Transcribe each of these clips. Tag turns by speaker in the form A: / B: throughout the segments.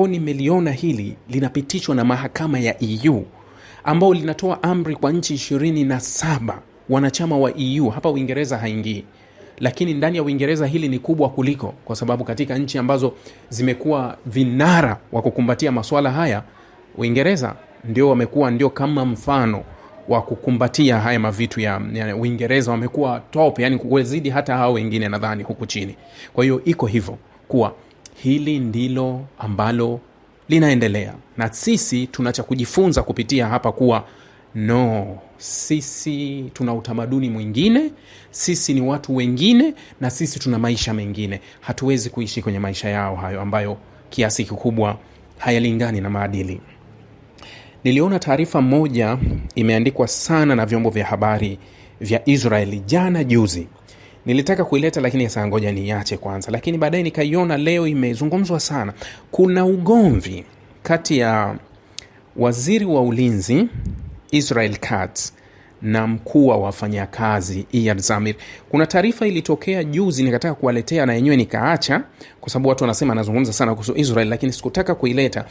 A: Ko nimeliona hili linapitishwa na mahakama ya EU ambao linatoa amri kwa nchi ishirini na saba wanachama wa EU. Hapa Uingereza haingii, lakini ndani ya Uingereza hili ni kubwa kuliko, kwa sababu katika nchi ambazo zimekuwa vinara wa kukumbatia masuala haya, Uingereza ndio wamekuwa ndio kama mfano wa kukumbatia haya mavitu ya, ya Uingereza wamekuwa top, yani kuzidi hata hao wengine nadhani huku chini. Kwa hiyo iko hivyo kuwa hili ndilo ambalo linaendelea, na sisi tuna cha kujifunza kupitia hapa kuwa no, sisi tuna utamaduni mwingine, sisi ni watu wengine, na sisi tuna maisha mengine. Hatuwezi kuishi kwenye maisha yao hayo ambayo kiasi kikubwa hayalingani na maadili. Niliona taarifa moja imeandikwa sana na vyombo vya habari vya Israeli jana juzi nilitaka kuileta lakini sasa ngoja niache kwanza, lakini baadaye nikaiona leo imezungumzwa sana. Kuna ugomvi kati ya waziri wa ulinzi Israel Katz na mkuu wa wafanyakazi Iyad Zamir. Kuna taarifa ilitokea juzi, nikataka kuwaletea na yenyewe nikaacha, kwa sababu watu wanasema anazungumza sana kuhusu Israel, lakini sikutaka kuileta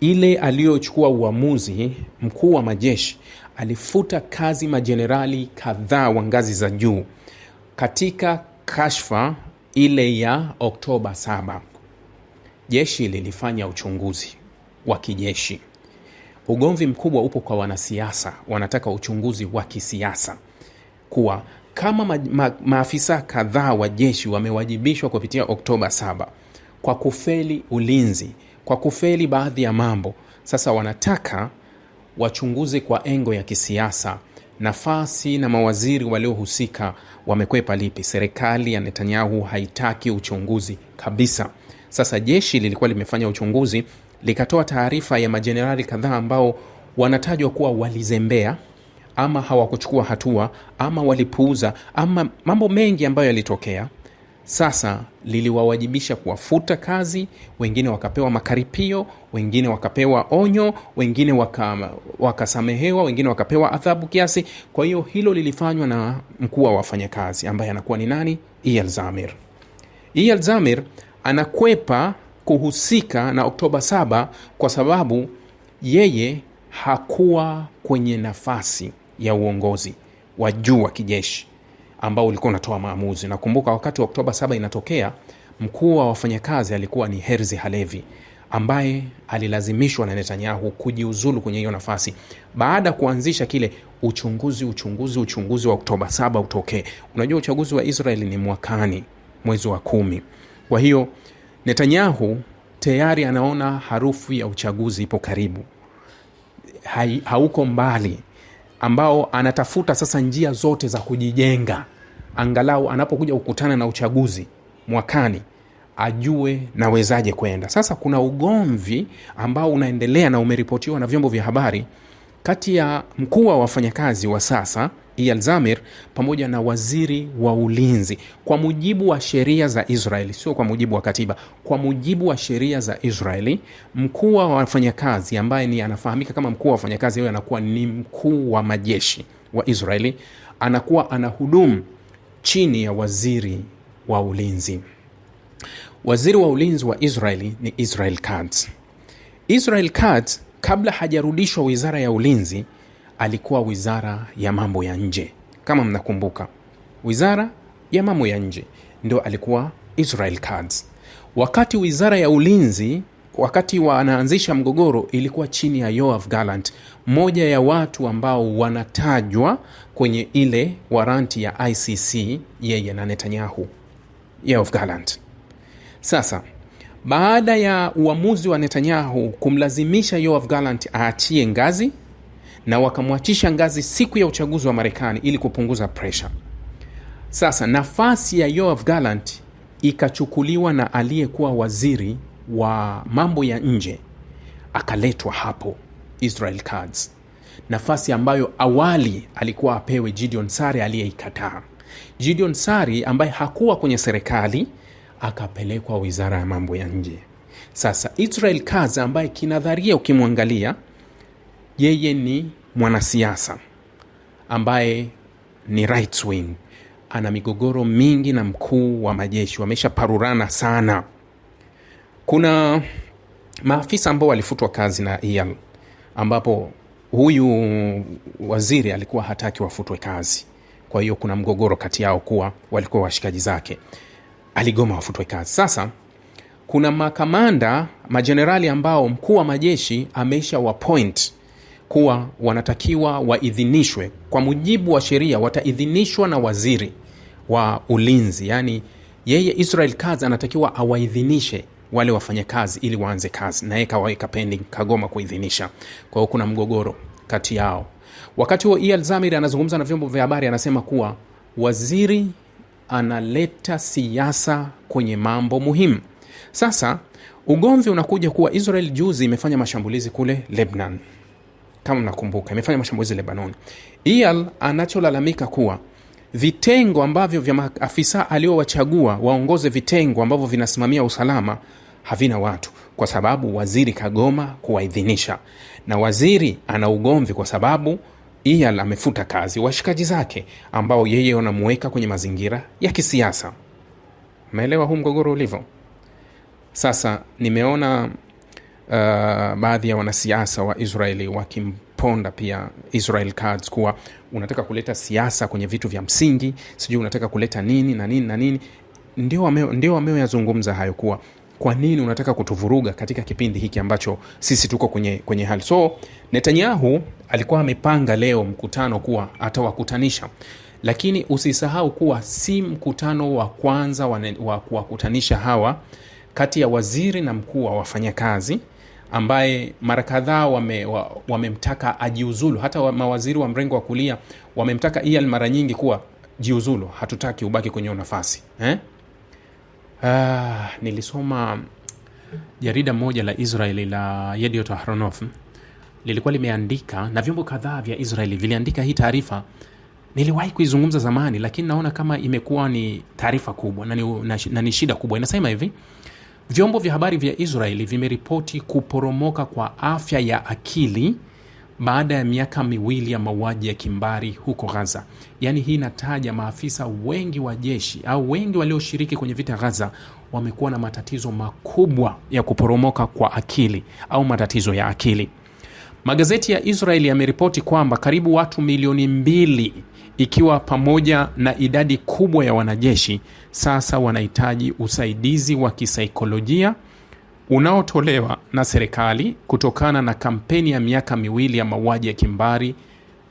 A: ile aliyochukua uamuzi. Mkuu wa majeshi alifuta kazi majenerali kadhaa wa ngazi za juu. Katika kashfa ile ya Oktoba 7 jeshi lilifanya uchunguzi wa kijeshi. Ugomvi mkubwa upo kwa wanasiasa, wanataka uchunguzi wa kisiasa kuwa kama ma ma maafisa kadhaa wa jeshi wamewajibishwa kupitia Oktoba saba kwa kufeli ulinzi, kwa kufeli baadhi ya mambo. Sasa wanataka wachunguze kwa engo ya kisiasa nafasi na mawaziri waliohusika wamekwepa lipi. Serikali ya Netanyahu haitaki uchunguzi kabisa. Sasa jeshi lilikuwa limefanya uchunguzi, likatoa taarifa ya majenerali kadhaa ambao wanatajwa kuwa walizembea ama hawakuchukua hatua ama walipuuza ama mambo mengi ambayo yalitokea sasa liliwawajibisha kuwafuta kazi, wengine wakapewa makaripio, wengine wakapewa onyo, wengine waka, wakasamehewa, wengine wakapewa adhabu kiasi. Kwa hiyo hilo lilifanywa na mkuu wa wafanyakazi ambaye anakuwa ni nani? Iyal Zamir. anakwepa kuhusika na Oktoba 7 kwa sababu yeye hakuwa kwenye nafasi ya uongozi wa juu wa kijeshi ambao ulikuwa unatoa maamuzi. Nakumbuka wakati wa Oktoba saba inatokea, mkuu wa wafanyakazi alikuwa ni Herzi Halevi ambaye alilazimishwa na Netanyahu kujiuzulu kwenye hiyo nafasi baada ya kuanzisha kile uchunguzi uchunguzi uchunguzi wa Oktoba saba utokee. Unajua, uchaguzi wa Israeli ni mwakani mwezi wa kumi. Kwa hiyo Netanyahu tayari anaona harufu ya uchaguzi ipo karibu, hauko mbali, ambao anatafuta sasa njia zote za kujijenga angalau anapokuja kukutana na uchaguzi mwakani ajue nawezaje kwenda. Sasa kuna ugomvi ambao unaendelea na umeripotiwa na vyombo vya habari kati ya mkuu wa wafanyakazi wa sasa Eyal Zamir pamoja na waziri wa ulinzi, kwa mujibu wa sheria za Israeli, sio kwa mujibu wa katiba. Kwa mujibu wa sheria za Israeli, mkuu wa wafanyakazi ambaye ni anafahamika kama mkuu wa wafanyakazi, huyo anakuwa ni mkuu wa majeshi wa Israeli, anakuwa anahudumu chini ya waziri wa ulinzi. Waziri wa ulinzi wa Israeli ni Israel Katz. Israel Katz kabla hajarudishwa wizara ya ulinzi, alikuwa wizara ya mambo ya nje. Kama mnakumbuka, wizara ya mambo ya nje ndio alikuwa Israel Katz. Wakati wizara ya ulinzi wakati wanaanzisha mgogoro ilikuwa chini ya Yoav Gallant, mmoja ya watu ambao wanatajwa kwenye ile waranti ya ICC, yeye na Netanyahu. Yoav Gallant. Sasa baada ya uamuzi wa Netanyahu kumlazimisha Yoav Gallant aachie ngazi na wakamwachisha ngazi siku ya uchaguzi wa Marekani ili kupunguza presha. Sasa nafasi ya Yoav Gallant ikachukuliwa na aliyekuwa waziri wa mambo ya nje akaletwa hapo Israel cards nafasi ambayo awali alikuwa apewe Gideon Sari aliyeikataa. Gideon Sari ambaye hakuwa kwenye serikali akapelekwa wizara ya mambo ya nje. Sasa Israel cards ambaye kinadharia, ukimwangalia yeye ni mwanasiasa ambaye ni right wing, ana migogoro mingi na mkuu wa majeshi, wameshaparurana sana kuna maafisa ambao walifutwa kazi na EL ambapo huyu waziri alikuwa hataki wafutwe kazi. Kwa hiyo kuna mgogoro kati yao kuwa walikuwa washikaji zake, aligoma wafutwe kazi. Sasa kuna makamanda majenerali ambao mkuu wa majeshi ameisha wapoint kuwa wanatakiwa waidhinishwe kwa mujibu wa sheria, wataidhinishwa na waziri wa ulinzi. Yani yeye Israel Katz anatakiwa awaidhinishe wale kazi ili waanze kazi, yeye kawaweka pending, kagoma kuidhinisha. Kwa hiyo kuna mgogoro kati yao. Wakati huo Iyad e Zamir anazungumza na vyombo vya habari, anasema kuwa waziri analeta siasa kwenye mambo muhimu. Sasa ugomvi unakuja kuwa Israel juzi imefanya mashambulizi kule Lebanon, kama mnakumbuka, imefanya mashambulizi Lebanon. Iyal e anacholalamika kuwa vitengo ambavyo vya maafisa aliowachagua waongoze vitengo ambavyo vinasimamia usalama havina watu kwa sababu waziri kagoma kuwaidhinisha na waziri ana ugomvi kwa sababu ial amefuta kazi washikaji zake ambao yeye wanamuweka kwenye mazingira ya kisiasa umeelewa huu mgogoro ulivyo sasa nimeona uh, baadhi ya wanasiasa wa Israeli wakimponda pia Israel cards kuwa unataka kuleta siasa kwenye vitu vya msingi, sijui unataka kuleta nini na nini na nini. Ndio wameoyazungumza wameo hayo kuwa kwa nini unataka kutuvuruga katika kipindi hiki ambacho sisi tuko kwenye, kwenye hali so Netanyahu alikuwa amepanga leo mkutano kuwa atawakutanisha, lakini usisahau kuwa si mkutano wa kwanza wa kuwakutanisha hawa kati ya waziri na mkuu wa wafanyakazi ambaye mara kadhaa wamemtaka wa ajiuzulu. Hata mawaziri wa mrengo wa kulia wamemtaka Ian mara nyingi kuwa jiuzulu, hatutaki ubaki kwenye nafasi eh? Ah, nilisoma jarida moja la Israeli la Yediot Ahronof lilikuwa limeandika na vyombo kadhaa vya Israeli viliandika hii taarifa. Niliwahi kuizungumza zamani, lakini naona kama imekuwa ni taarifa kubwa na ni, na, na ni shida kubwa. Inasema hivi Vyombo vya habari vya Israeli vimeripoti kuporomoka kwa afya ya akili baada ya miaka miwili ya mauaji ya kimbari huko Gaza. Yaani, hii inataja maafisa wengi wa jeshi au wengi walioshiriki kwenye vita Gaza wamekuwa na matatizo makubwa ya kuporomoka kwa akili au matatizo ya akili. Magazeti ya Israeli yameripoti kwamba karibu watu milioni mbili ikiwa pamoja na idadi kubwa ya wanajeshi, sasa wanahitaji usaidizi wa kisaikolojia unaotolewa na serikali kutokana na kampeni ya miaka miwili ya mauaji ya kimbari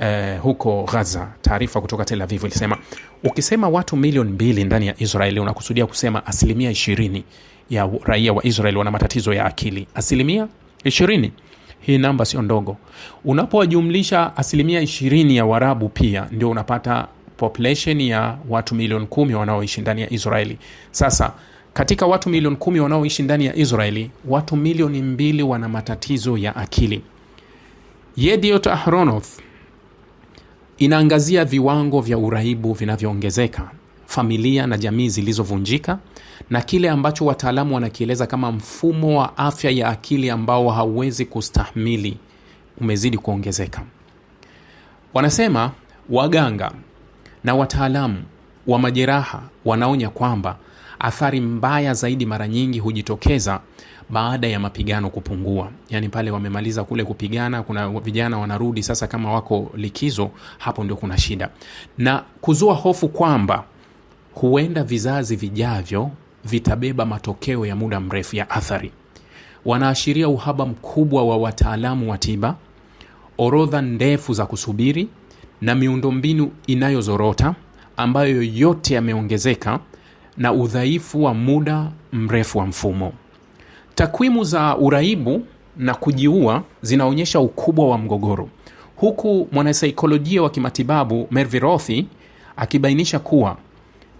A: eh, huko Gaza. Taarifa kutoka Tel Avivu ilisema ukisema watu milioni mbili ndani ya Israeli unakusudia kusema asilimia ishirini ya raia wa Israeli wana matatizo ya akili, asilimia ishirini hii namba sio ndogo. Unapowajumlisha asilimia ishirini ya warabu pia ndio unapata population ya watu milioni kumi wanaoishi ndani ya Israeli. Sasa katika watu milioni kumi wanaoishi ndani ya Israeli, watu milioni mbili wana matatizo ya akili. Yediot Ahronoth inaangazia viwango vya urahibu vinavyoongezeka familia na jamii zilizovunjika na kile ambacho wataalamu wanakieleza kama mfumo wa afya ya akili ambao hauwezi kustahmili umezidi kuongezeka. Wanasema waganga na wataalamu wa majeraha wanaonya kwamba athari mbaya zaidi mara nyingi hujitokeza baada ya mapigano kupungua, yaani pale wamemaliza kule kupigana, kuna vijana wanarudi sasa, kama wako likizo, hapo ndio kuna shida na kuzua hofu kwamba huenda vizazi vijavyo vitabeba matokeo ya muda mrefu ya athari. Wanaashiria uhaba mkubwa wa wataalamu wa tiba, orodha ndefu za kusubiri na miundombinu inayozorota ambayo yote yameongezeka na udhaifu wa muda mrefu wa mfumo. Takwimu za uraibu na kujiua zinaonyesha ukubwa wa mgogoro, huku mwanasaikolojia wa kimatibabu Mervi Rothi akibainisha kuwa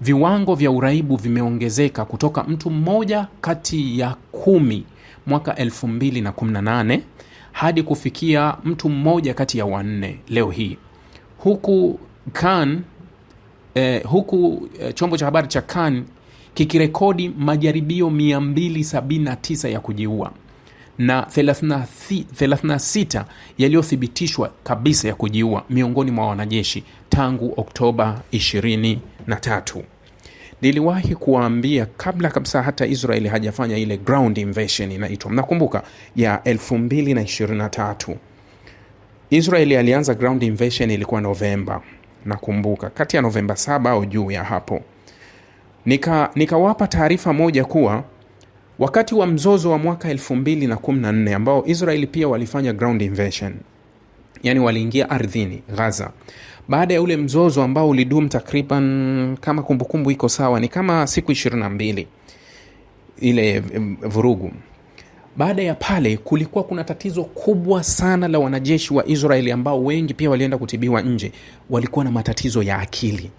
A: viwango vya uraibu vimeongezeka kutoka mtu mmoja kati ya kumi mwaka 2018 hadi kufikia mtu mmoja kati ya wanne leo hii huku Kan eh, huku eh, chombo cha habari cha Kan kikirekodi majaribio 279 ya kujiua na 36 yaliyothibitishwa kabisa ya kujiua miongoni mwa wanajeshi tangu Oktoba 23. Niliwahi kuwaambia kabla kabisa hata Israeli hajafanya ile ground invasion inaitwa, mnakumbuka, ya 2023. Israeli alianza ground invasion ilikuwa Novemba, nakumbuka kati ya Novemba 7 au juu ya hapo. Nikawapa nika taarifa moja kuwa wakati wa mzozo wa mwaka 214 ambao Israeli pia walifanya ground invasion, yani waliingia ardhini Gaza, baada ya ule mzozo ambao ulidumu takriban, kama kumbukumbu iko sawa, ni kama siku 22 ile vurugu. Baada ya pale kulikuwa kuna tatizo kubwa sana la wanajeshi wa Israeli ambao wengi pia walienda kutibiwa nje, walikuwa na matatizo ya akili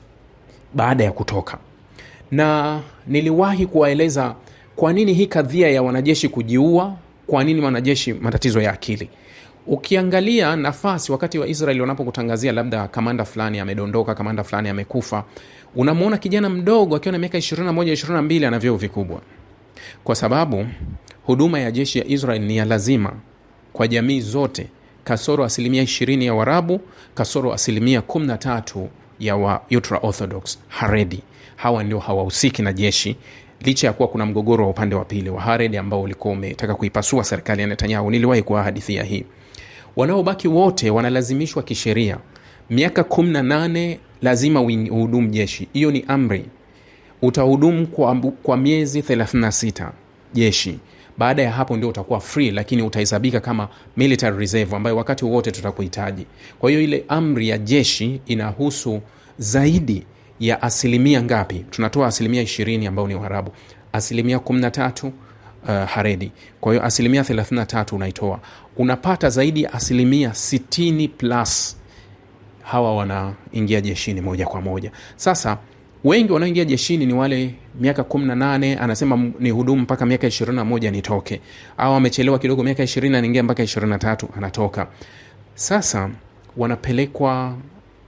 A: baada ya kutoka, na niliwahi kuwaeleza kwa nini hii kadhia ya wanajeshi kujiua? Kwa nini wanajeshi matatizo ya akili? Ukiangalia nafasi wakati wa Israel wanapokutangazia labda kamanda fulani amedondoka, kamanda fulani amekufa, unamwona kijana mdogo akiwa na miaka 21, 22 ana vikubwa, kwa sababu huduma ya jeshi ya Israel ni ya lazima kwa jamii zote, kasoro asilimia 20 ya warabu kasoro asilimia 13 ya wa Ultra Orthodox Haredi. Hawa ndio hawahusiki na jeshi licha ya kuwa kuna mgogoro wa upande wa pili wa Hared ambao ulikuwa umetaka kuipasua serikali ya Netanyahu. Niliwahi kuwahadithia hii. Wanaobaki wote wanalazimishwa kisheria, miaka nane lazima uhudumu jeshi. Hiyo ni amri, utahudumu kwa, kwa miezi 36 jeshi. Baada ya hapo ndio utakuwa free, lakini utahesabika kama military reserve ambayo wakati wote tutakuhitaji. Kwa hiyo ile amri ya jeshi inahusu zaidi ya asilimia ngapi? Tunatoa asilimia ishirini ambao ni Waarabu, asilimia kumi na tatu Uh, Haredi. Kwa hiyo asilimia thelathini na tatu unaitoa, unapata zaidi ya asilimia sitini plus hawa wanaingia jeshini moja kwa moja. Sasa wengi wanaoingia jeshini ni wale miaka kumi na nane, anasema ni hudumu mpaka miaka ishirini na moja nitoke, au amechelewa kidogo miaka ishirini anaingia mpaka ishirini na tatu anatoka. Sasa wanapelekwa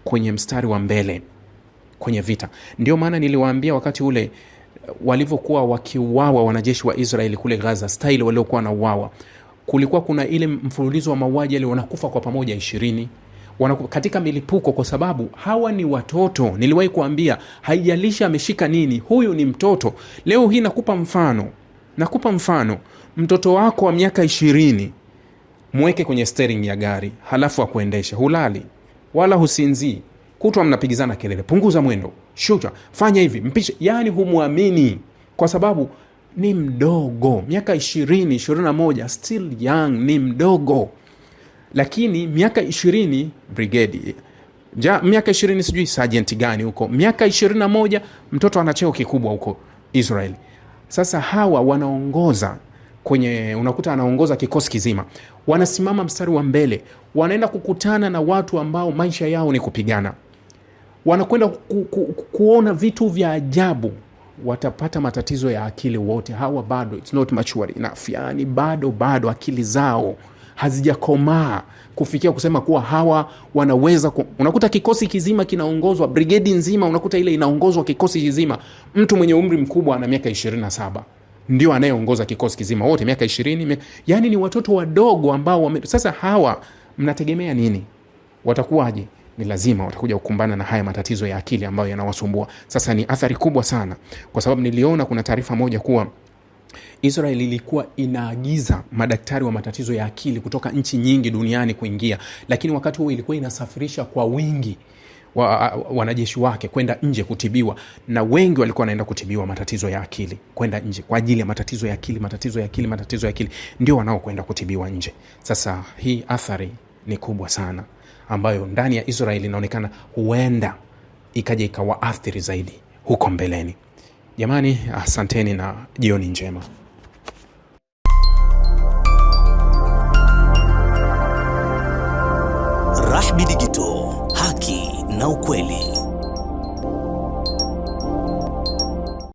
A: kwenye mstari wa mbele kwenye vita. Ndio maana niliwaambia wakati ule eh, walivyokuwa wakiuawa wanajeshi wa Israeli kule Gaza, staili waliokuwa wanauawa, kulikuwa kuna ile mfululizo wa mauaji yale, wanakufa kwa pamoja ishirini katika milipuko, kwa sababu hawa ni watoto. Niliwahi kuambia haijalishi ameshika nini, huyu ni mtoto. Leo hii nakupa mfano, nakupa mfano, mtoto wako wa miaka ishirini mweke kwenye ya gari halafu akuendeshe, hulali wala husinzii kutwa mnapigizana kelele, punguza mwendo, shuta, fanya hivi, mpishe. Yani humwamini kwa sababu ni mdogo, miaka ishirini, ishirini na moja, still young, ni mdogo. Lakini miaka ishirini brigedi ja, miaka ishirini sijui sajenti gani huko, miaka ishirini na moja mtoto ana cheo kikubwa huko Israeli. Sasa hawa wanaongoza kwenye unakuta anaongoza kikosi kizima, wanasimama mstari wa mbele, wanaenda kukutana na watu ambao maisha yao ni kupigana wanakwenda ku, ku, kuona vitu vya ajabu watapata matatizo ya akili wote hawa bado it's not mature enough yani bado bado akili zao hazijakomaa kufikia kusema kuwa hawa wanaweza ku... unakuta kikosi kizima kinaongozwa brigedi nzima unakuta ile inaongozwa kikosi kizima mtu mwenye umri mkubwa ana miaka saba ndio anayeongoza kikosi kizima wote miaka ishirini mi... yani ni watoto wadogo ambao wame... sasa hawa mnategemea nini watakuwaje ni lazima watakuja kukumbana na haya matatizo ya akili ambayo yanawasumbua. Sasa ni athari kubwa sana, kwa sababu niliona kuna taarifa moja kuwa Israel ilikuwa inaagiza madaktari wa matatizo ya akili kutoka nchi nyingi duniani kuingia, lakini wakati huo ilikuwa inasafirisha kwa wingi wa, wanajeshi wake kwenda nje kutibiwa, na wengi walikuwa wanaenda kutibiwa matatizo ya akili kwenda nje kwa ajili ya matatizo ya akili, matatizo ya akili, matatizo ya akili, ndio wanaokwenda kutibiwa nje. Sasa hii athari ni kubwa sana ambayo ndani ya Israeli inaonekana huenda ikaja ikawaathiri zaidi huko mbeleni. Jamani, asanteni na jioni njema. Rahby Digital, haki na ukweli.